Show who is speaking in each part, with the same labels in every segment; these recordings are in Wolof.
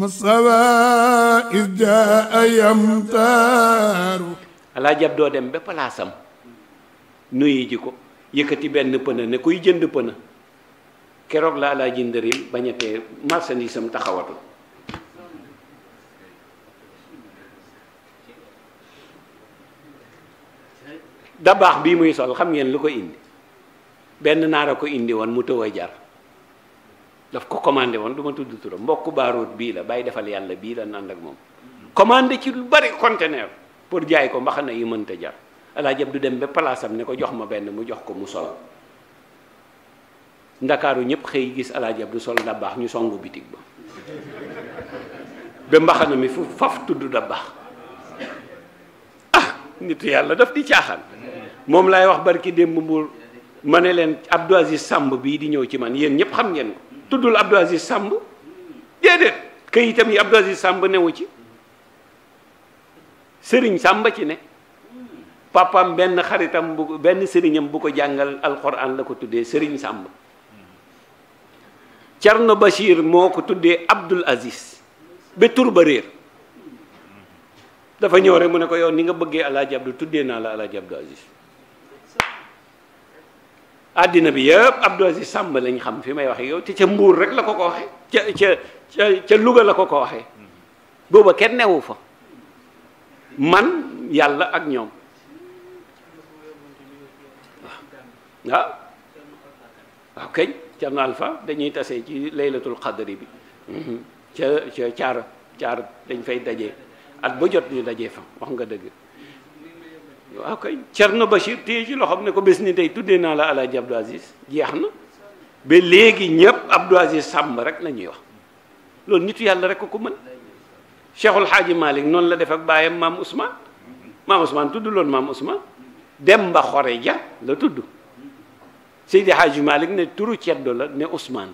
Speaker 1: masawa is jaa yamtaaru alaaji Abdou dem ba palaasam nuyu ji ko yëkkati benn pëna ne kuy jënd pëna keroog la alaaji ndërim bañatee marchandise am taxawatul dabaax bii muy sol xam ngeen lu ko indi benn naara ko indi woon mu tëw jar daf ko commandé woon du ma tudd turam mbokku baaroot bii la bàyyi defal yàlla bii la nand ak moom commandé ci lu bari conteneur pour jaay ko mbaxana yi mënta jar alaaji du dem ba palaasam ne ko jox ma benn mu jox ko mu sol ndakaaru ñëpp xëy gis alaaji Abdu sol dabbaax ñu songu bitig ba ba mbaxana mi fu faf tudd dabbaax ah nitu yàlla daf di caaxaan moom lay wax barki démb mbuur ma ne leen Abdou Aziz Samb bii di ñëw ci man yéen ñëpp xam ngeen ko tuddul Abdou Aziz Samb déedéet këyitam yi Abdou Aziz Samb newu ci sëriñ Samba ci ne papam benn xaritam bu benn sëriñam bu ko jàngal alxuraan la ko tuddee sëriñ Samba Cerno Bachir moo ko tuddee Abdul Aziz ba tur ba réer dafa ñëw rek mu ne ko yoon ni nga bëggee alaaji tuddee naa la alaaji Abdou àddina bi yëpp Abdou Aziz Samb lañ xam fi may waxe yow te ca Mbuur rek la ko ko waxe ca ca ca Louga la ko ko waxe booba kenn newu fa man yàlla ak ñoom waaw waaw waaw kañ ca Nalfa dañuy tase ci laylatul qadri bi mhm. ca ca caara caara dañ fay daje at ba jot ñu daje fa wax nga dëgg waaw kay Thierno Bachir téye ci loxoom ne ko bés ni tey tuddee naa la alaaji Abdou Aziz jeex na ba léegi ñëpp Abdou Aziz Samb rek la ñuy wax loolu nit yàlla rek ko mën Cheikhul Xaaji Malick noonu la def ak baayam maam Ousmane maam Ousmane tudd loon maam Ousmane Demba ja la tudd Seydi Xaaji Malick ne turu ceddo la ne Ousmane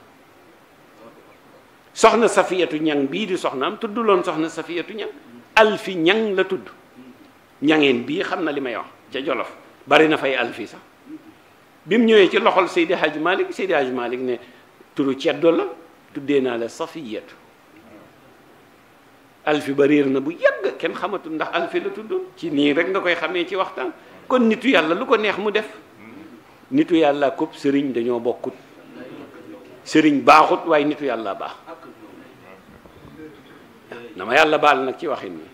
Speaker 1: soxna Safiyatu Ñang bii di soxnaam tudd loon soxna Safiyatu Ñang Alfi Ñang la tudd ñangeen bii xam na li may wax ca jolof bari na fay alfi sax bi mu ñëwee ci loxol Seydi Hadj Malick Seydi Hadj Malick ne turu ceddo la tuddee naa la safiyatu alfi ba réer na bu yàgg kenn xamatul ndax alfi la tudd ci nii rek nga koy xamee ci waxtaan kon nitu yàlla lu ko neex mu def nitu yàlla kopp sëriñ dañoo bokkut sëriñ baaxut waaye nitu yàlla baax dama yàlla baal nag ci waxin ni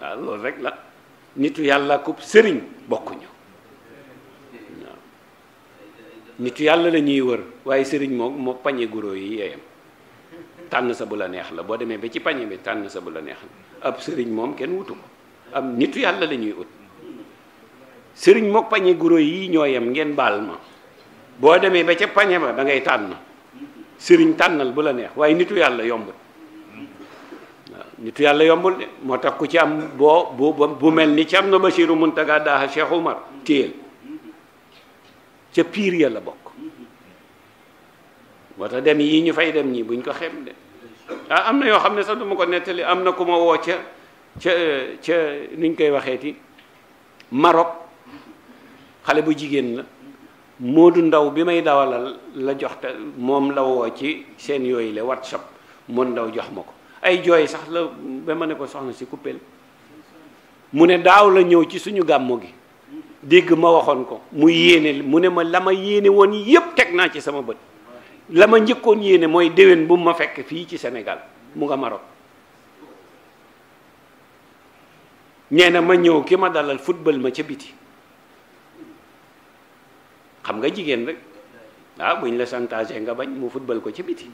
Speaker 1: waaw loolu rek la nitu yàlla ku sëriñ bokkuñu waaw yàlla lañuy wër waaye sëriñ mook moo pañe guro yi yeeyam tànn sa bu la neex la boo demee ba ci pañe bi tànn sa bu la neex la ab sëriñ moom kenn wutu ko am nitu yàlla la ñuy ut sëriñ mook pañe guro yi ñoo yem ngeen baal ma boo demee ba ca pañe ba da ngay tànn sëriñ tànnal bu la neex waaye nitu yàlla yombut nitu yàlla yombul de moo tax ku ci am boo bu bu mel ni ci am na Basiru Muntaga Daha Cheikh Umar téyel ca piir ya la bokk moo tax dem yii ñu fay dem ñii buñ ko xem de ah am na yoo xam ne sax du ma ko nettali am na ku ma woo ca ca nuñ koy waxeeti marok xale bu jigéen la Moodu Ndaw bi may dawalal la jox te moom la woo ci seen yooyu le WhatsApp moon ndaw jox ma ko ay jooy sax la ba ma ne ko soxna si kuppeel mu ne daaw la ñëw ci suñu gàmmu gi dégg ma waxoon ko mu yéene mu ne ma la ma yéene woon yépp teg naa ci sama bët la ma njëkkoon yéene mooy déwén bu ma fekk fii ci senegal mu nga Maroc nee na ma ñëw ki ma dalal football ma ca biti xam nga jigéen rek waaw buñ la chantage nga bañ mu football ko ci biti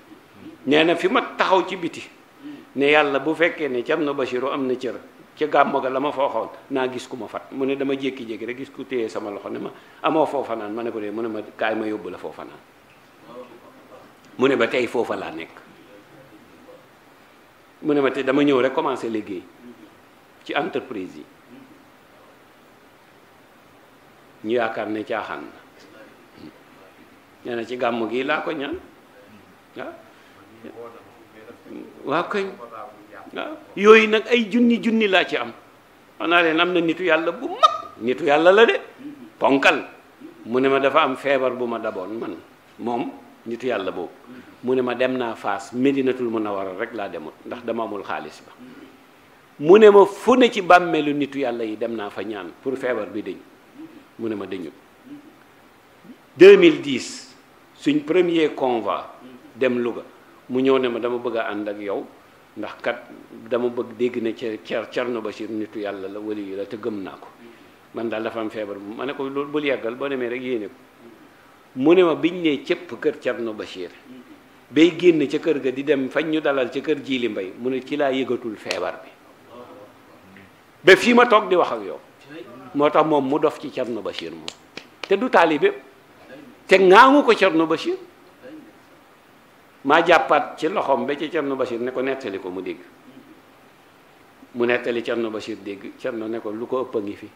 Speaker 1: nee na fi ma taxaw ci biti ne yàlla bu fekkee ne na Thierno Bachirou am na cër ca gàmmo ga la ma fa naa gis ku ma fat mu ne dama jékki-jékki rek gis ku téye sama loxo ne ma amoo foofa naan ma ne ko dee mu ne ma kaay ma yóbbu la foo naan mu ne ba tey foofa laa nekk mu ne ma te dama ñëw rek commencé léegi ci entreprise yi ñu yaakaar ne caaxaan hmm. na nee ci gàmmu gi laa ko ñaan waaw kañ yooyu nag ay junni junni laa ci am xanaa leen am na nitu yàlla bu mag nitu yàlla la de ponkal mu ne ma dafa am feebar bu ma daboon man moom nitu yàlla boobu mu ne ma dem naa faas medinatul munawwara rek laa demut ndax dama amul xaalis mu ne ma fu ne ci bàmmeelu nitu yàlla yi dem naa fa ñaan pour feebar bi dëñ mu ne ma dëñut 2010 suñ premier convoi dem Louga mu ñëw ne ma dama bëgg a ànd ak yow ndax kat dama bëgg dégg na ne cer Cerno Bachir nitu yàlla la wali yi la te gëm naa ko man daal dafa am feebar bu ma ne ko loolu bul yàggal boo mee rek yéene ko mu ne ma biñ ne cëpp kër Cerno Bachir bay génn ca kër ga di dem fañ ñu dalal ca kër Jili Mbay mu ne ci laa yëgatul feebar bi ba fii ma toog di wax ak yow moo tax moom mu dof ci Cerno Bachir moom te du taalibe te ŋaaŋu ko Cerno Bachir maa jàppaat ci loxoom ba ci Cerno Bachir ne ko nettali ko mu dégg mu nettali Cerno Bachir dégg Cerno ne ko lu ko ëpp a ngi fi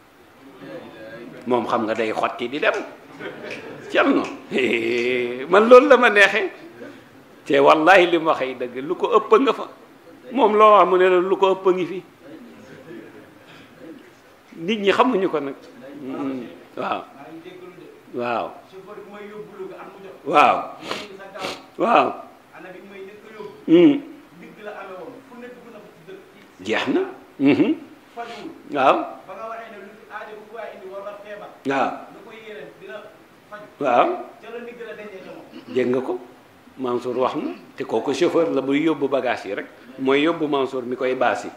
Speaker 1: moom xam nga day xotti di dem Cerno man loolu dama ma neexee te wallahi li mu waxee dëgg lu ko ëpp a nga fa moom loo wax mu ne la lu ko ëpp a ngi fi nit ñi xamuñu ko nag waaw waaw waaw digg hmm. jeex na. Hmm. Hmm. fajul. waaw. ba nga waxee ne lu ci aajo bu waay na feebar. waaw waaw. jëloon ko Mansour wax na te kooku chauffeur la buy yóbbu bagage yi rek mooy yóbbu Mansour mi koy baas yi.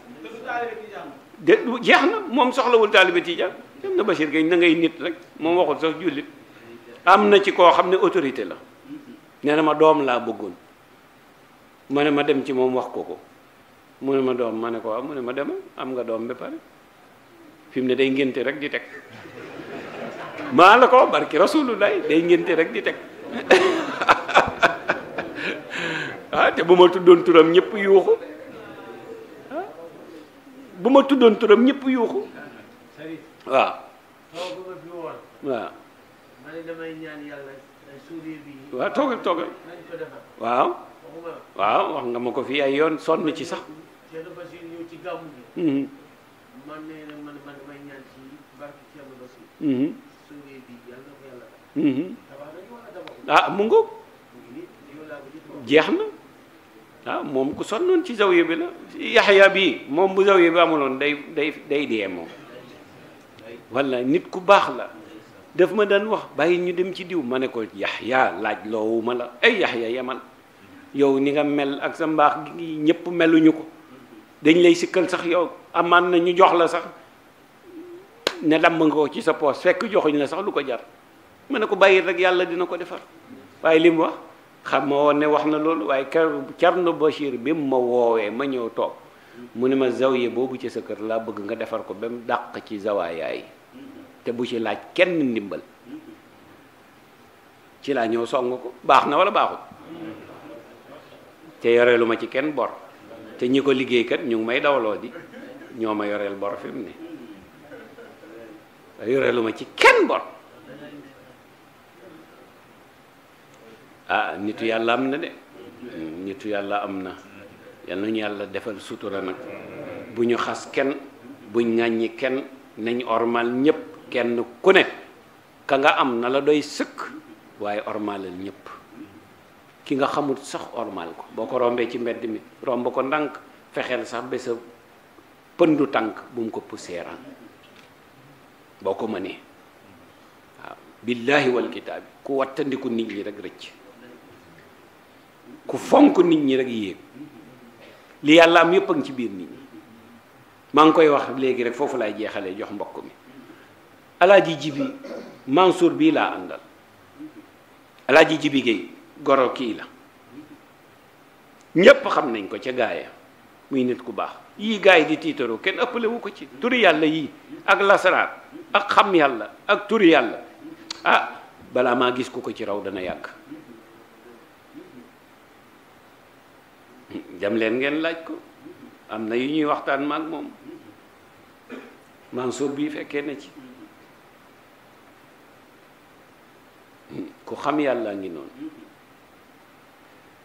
Speaker 1: de jeex na moom soxlawul taalibe Tijaan dem na Bachir Gueye na nit rek moom waxul sax jullit am na ci koo xam ne autorité la nee na ma doom laa bëggoon. ma ne ma dem ci moom wax ko ko mu ne ma doom ma ne ko waaw ma demal am nga doom ba pare fi mu ne day ngénte rek di teg maa la ko barki rasulullah day ngénte rek di teg ah te bu ma tuddoon turam ñëpp yuuxu ah, bu ma tuddoon turam ñëpp yuuxu waaw
Speaker 2: waaw waaw toogal waaw
Speaker 1: waaw wax nga ma ko fi ay yoon sonn ci sax.
Speaker 2: Mm-hmm. ci barke mm-hmm. mm-hmm. ah mu ngoog. jeex na
Speaker 1: ah moom ku sonnoon ci zawiya bi la yaxya bii moom bu zawiya bi amuloon day day day dee moom. walla nit ku baax la daf ma daan wax bàyyi ñu dem ci diw ma ne ko yaxya laaj loo ma la ay yaxya yemal. yow ni nga mel ak sa mbaax gi ñëpp meluñu ko dañ lay sikkal sax yow amaan na ñu jox la sax ne damm nga ko ci sa poos fekk joxuñ la sax lu ko jar mu ne ko bàyyi rek yàlla dina ko defar waaye li wax xam ma ne wax na loolu waaye Cerno Bachir bi mu ma woowee ma ñëw toog mu ne ma zawiya boobu ci sa kër laa bëgg nga defar ko ba mu dàq ci zawaayaay te bu ci laaj kenn ndimbal ci laa ñëw song ko baax na walla baaxul te yoreelu ma ci kenn bor te ñi ko liggéeykat ñu ngi may dawaloo di ñoo ma yoreel bor fi mu ne yoreelu ma ci kenn bor ah nitu yàlla am na de nitu yàlla am na yal nañu yàlla defal sutura nag bu ñu xas kenn buñ ŋàññi kenn nañ ormal ñëpp kenn ku ne ka nga am na la doy sëkk waaye ormalal ñëpp ki nga xamul sax ormal ko boo ko rombee ci mbedd mi romb ko ndànk fexeel sax ba sa pëndu tànk bu mu ko puseeraan boo ko mënee waaw billaahi wal ku wattandiku nit ñi rek rëcc ku fonk nit ñi rek yéeg li yàlla am yëpp a ci biir nit ñi maa ngi koy wax léegi rek foofu laay jeexalee jox mbokk mi alaaji jibi Mansour bii laa àndal alaaji jibi Guèye goro kii la ñépp xam nañ ko ca gaaya muy nit ku baax yii gaay yi di tiitaroo kenn ëppale wu ko ci turi yàlla yii ak lasaraar ak xam yàlla ak turi yàlla ah balaa maa gis ku ko ci raw dana yàgg dem leen ngeen laaj ko am na yu ñuy waxtaan maag moom Mansour bii fekkee na ci ku xam yàlla ngi noonu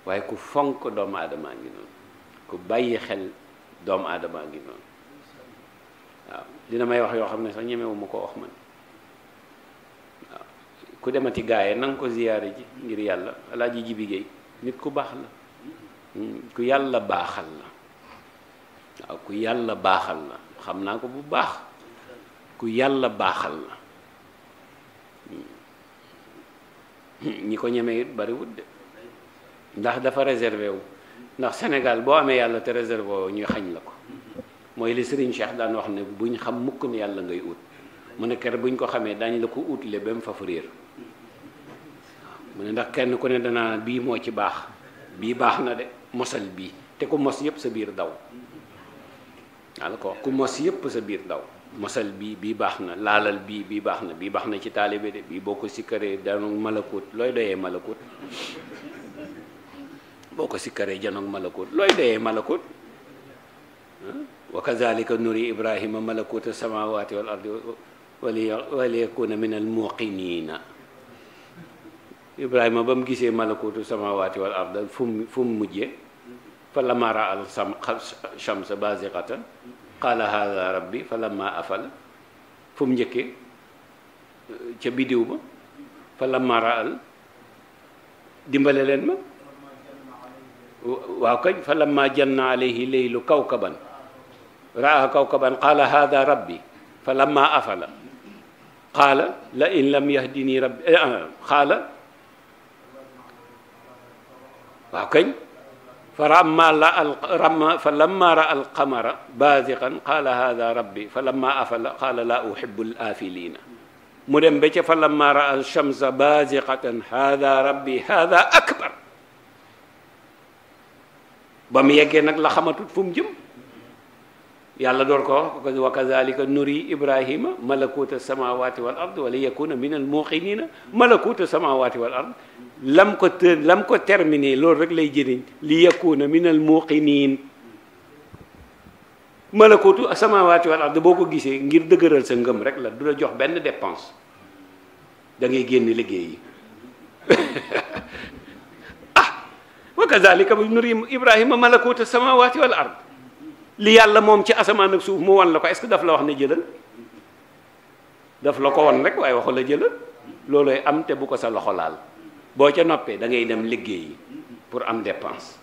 Speaker 1: waaye ku fonk doomu aadamaa ngi noonu ku bàyyi xel doomu aadamaa ngi noonu waaw dina may wax yoo xam ne sax ñemewu ma ko wax man waaw ku demati gaaye na nga ko ziyaare ji ngir yàlla alaaji ji bigéey nit ku baax la hmm. ku yàlla baaxal la waaw ku yàlla baaxal la xam naa ko bu baax ku yàlla baaxal la hmm. Hmm. ñi ko ñeme it de ndax dafa réservé wu ndax Sénégal boo amee yàlla te réservé ñuy xañ la ko mooy li Serigne Cheikh daan wax ne buñ xam mukk ne yàlla ngay ut mu ne ker buñ ko xamee dañ la ko utile ba mu fa réer mu ne ndax kenn ku ne danaa bii moo ci baax bii baax na de mosal bii te ku mos yëpp sa biir daw wala ku mos yëpp sa biir daw mosal bii bii baax na laalal bii bii baax na bii baax na ci taalibe de bii boo ko sikkaree daanu malakut looy doyee malakot boo ko sikkaree janoog malakut looy doyee malakut wa kazalika nuri ibrahima malakuta samawati wal ardi waliyakuna min al muqinina ibrahima ba mu gisee malakutu samawati wal ard fu mu fu mu mujje fa lama ra al shamsa baziqatan qaala hada rabbi fa lama afala fu mu njëkkee ca bidiw ba fa lama ra al dimbale leen ma waaw kañ fa lamma janna alayhi leylu kawkaban raa kawkaban qaala hada rabbi fa lamma afala qaala la in lam yahdini rabbi eh, ah, qaala waaw kañ fa ramma la al ramma fa lamma ra al qamara baziqan qaala hada rabbi fa lamma afala qaala laa uhibbu al afilina mu dem ba ca fa lamma ra al shamsa baziqatan hada rabbi hada akbar ba mu yeggee nag la xamatut fu mu jëm yàlla door ko wax wa kazalika nuri ibrahima malakuta samawati wal ard wala yakuna min al muqinina malakuta samawati wal ard lam ko te lam ko terminé loolu rek lay jëriñ li yakuna min al muqinin malakutu samawati wal ard boo ko gisee ngir dëgëral sa ngëm rek la du la jox benn dépense da ngay génn liggéey yi kazalika nuri ibrahima malakuta samawati wal ard li yàlla moom ci asamaan ak suuf mu wan la ko est-ce que daf la wax ne jëlal daf la ko wan rek waaye waxu la jëlal loolooy am te bu ko sa loxo laal boo ca noppee da ngay dem liggéey pour am dépense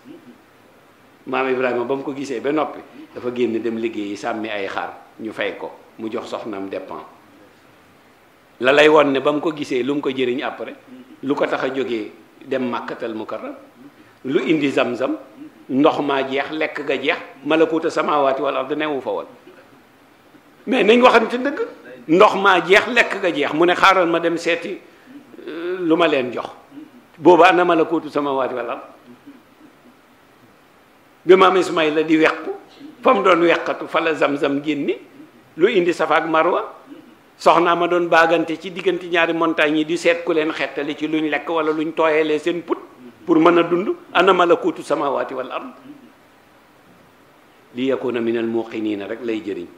Speaker 1: maam ibrahima ba mu ko gisee ba noppi dafa génn dem liggéeyi sàmmi ay xaar ñu fay ko mu jox soxnaam dépense la lay won ne ba mu ko gisee lu mu ko jëriñ après lu ko tax a jógee dem màkkatal mukarram lu indi zam-zam ndox maa jeex lekk ga jeex malakuuta samaawaati wal ard newu fa woon mais nañ waxante dëgg ndox maa jeex lekk ga jeex mu ne xaaral ma dem seeti euh, lu ma leen jox boobu ana malakuutu samaawaati wal ard bi maam Ismaayla di wequ fa mu doon weqatu fa la sam zam génni lu indi Safa ak Marwa soxnaa ma doon baagante ci diggante ñaari montagnes yi di seet ku leen xettali ci luñ lekk wala luñ tooyalee seen put pour mën a dund ana malakuutu samawati wal ard li yakuna min al muqinina rek lay jëriñ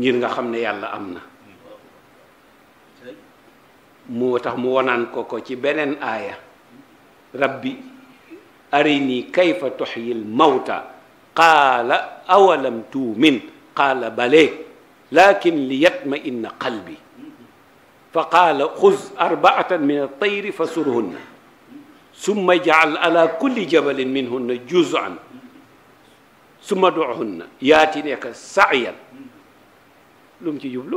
Speaker 1: ngir nga xam ne yàlla am na moo tax mu wonaan ko ko ci beneen aaya rabbi arini kayfa tuxyil mawta qaala awalam tuumin qaala bale lakin liyatma inna qalbi fa qaala xuz arbaatan min altayri fa surhunna summa jaal ala kulli jabalin minhunna juz'an summa duhunna yaati nekk sa'yan lu mu ci jublu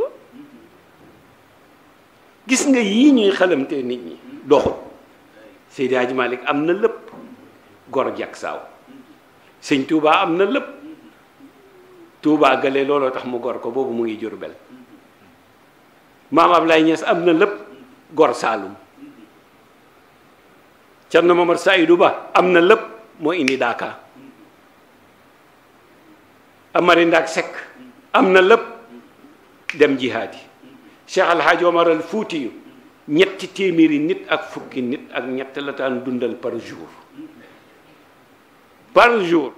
Speaker 1: gis nga yii ñuy xalamtee nit ñi doxul Seydi Hadji Malick am na lëpp gor jak saaw sëñ Touba am na lëpp tuubaa gale looloo tax mu gor ko boobu mu ngi Jurbel maam Ablaye Niass am na lëpp gor Saalum Cerno Momar Saïdou Ba am na lépp moo indi daaka Amari Ndaak Seck am na lépp dem jihaad yi Cheikh Alhaaj al Fuuti yu ñetti téeméeri nit ak fukki nit ak ñett la daan dundal par jour par jour